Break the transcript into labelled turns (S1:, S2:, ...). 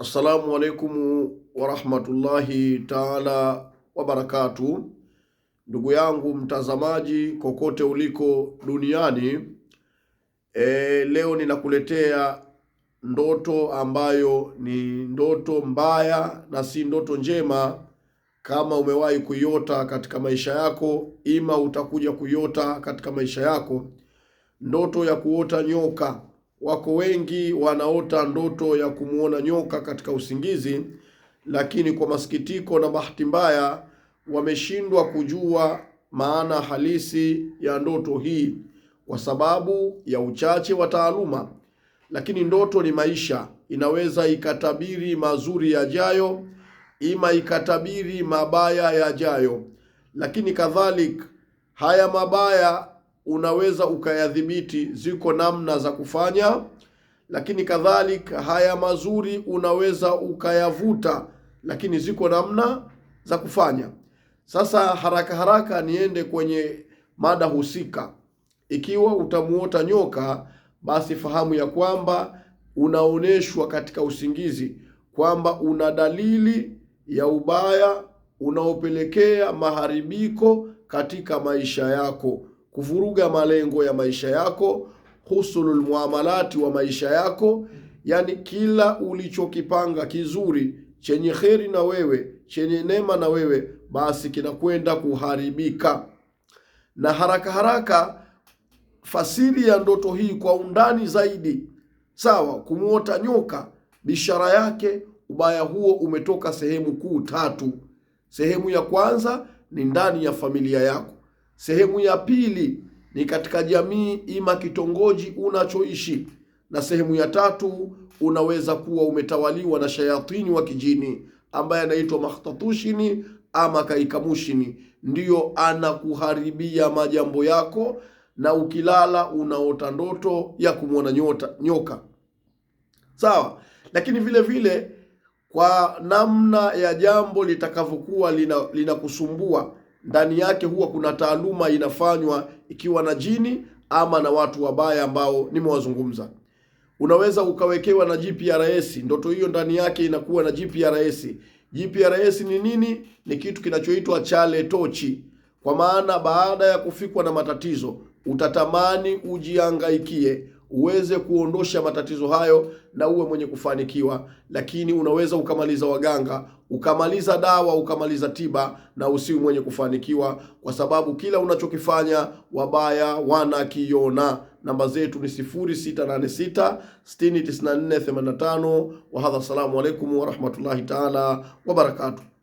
S1: Assalamu alaikum warahmatullahi taala wabarakatuh. Ndugu yangu mtazamaji, kokote uliko duniani, e, leo ninakuletea ndoto ambayo ni ndoto mbaya na si ndoto njema kama umewahi kuiota katika maisha yako, ima utakuja kuiota katika maisha yako, ndoto ya kuota nyoka. Wako wengi wanaota ndoto ya kumwona nyoka katika usingizi, lakini kwa masikitiko na bahati mbaya wameshindwa kujua maana halisi ya ndoto hii kwa sababu ya uchache wa taaluma. Lakini ndoto ni maisha, inaweza ikatabiri mazuri yajayo, ima ikatabiri mabaya yajayo, lakini kadhalik haya mabaya unaweza ukayadhibiti, ziko namna za kufanya. Lakini kadhalika haya mazuri unaweza ukayavuta, lakini ziko namna za kufanya. Sasa haraka haraka niende kwenye mada husika. Ikiwa utamuota nyoka, basi fahamu ya kwamba unaonyeshwa katika usingizi kwamba una dalili ya ubaya unaopelekea maharibiko katika maisha yako kuvuruga malengo ya maisha yako, husulul muamalati wa maisha yako, yani kila ulichokipanga kizuri chenye kheri na wewe chenye neema na wewe, basi kinakwenda kuharibika. Na haraka haraka, fasiri ya ndoto hii kwa undani zaidi, sawa. Kumwota nyoka, bishara yake ubaya huo umetoka sehemu kuu tatu. Sehemu ya kwanza ni ndani ya familia yako. Sehemu ya pili ni katika jamii ima kitongoji unachoishi, na sehemu ya tatu unaweza kuwa umetawaliwa na shayatini wa kijini ambaye anaitwa mahtatushini ama kaikamushini, ndiyo anakuharibia majambo yako, na ukilala unaota ndoto ya kumwona nyota nyoka. Sawa, lakini vile vile kwa namna ya jambo litakavyokuwa linakusumbua lina ndani yake huwa kuna taaluma inafanywa ikiwa na jini ama na watu wabaya ambao nimewazungumza. Unaweza ukawekewa na GPRS, ndoto hiyo ndani yake inakuwa na GPRS. GPRS ni nini? Ni kitu kinachoitwa chale tochi, kwa maana baada ya kufikwa na matatizo utatamani ujiangaikie uweze kuondosha matatizo hayo na uwe mwenye kufanikiwa, lakini unaweza ukamaliza waganga ukamaliza dawa ukamaliza tiba, na usiwi mwenye kufanikiwa, kwa sababu kila unachokifanya wabaya wanakiona. Namba zetu ni 0686 609485. Wahadha, assalamu alaikum warahmatullahi taala wabarakatuh.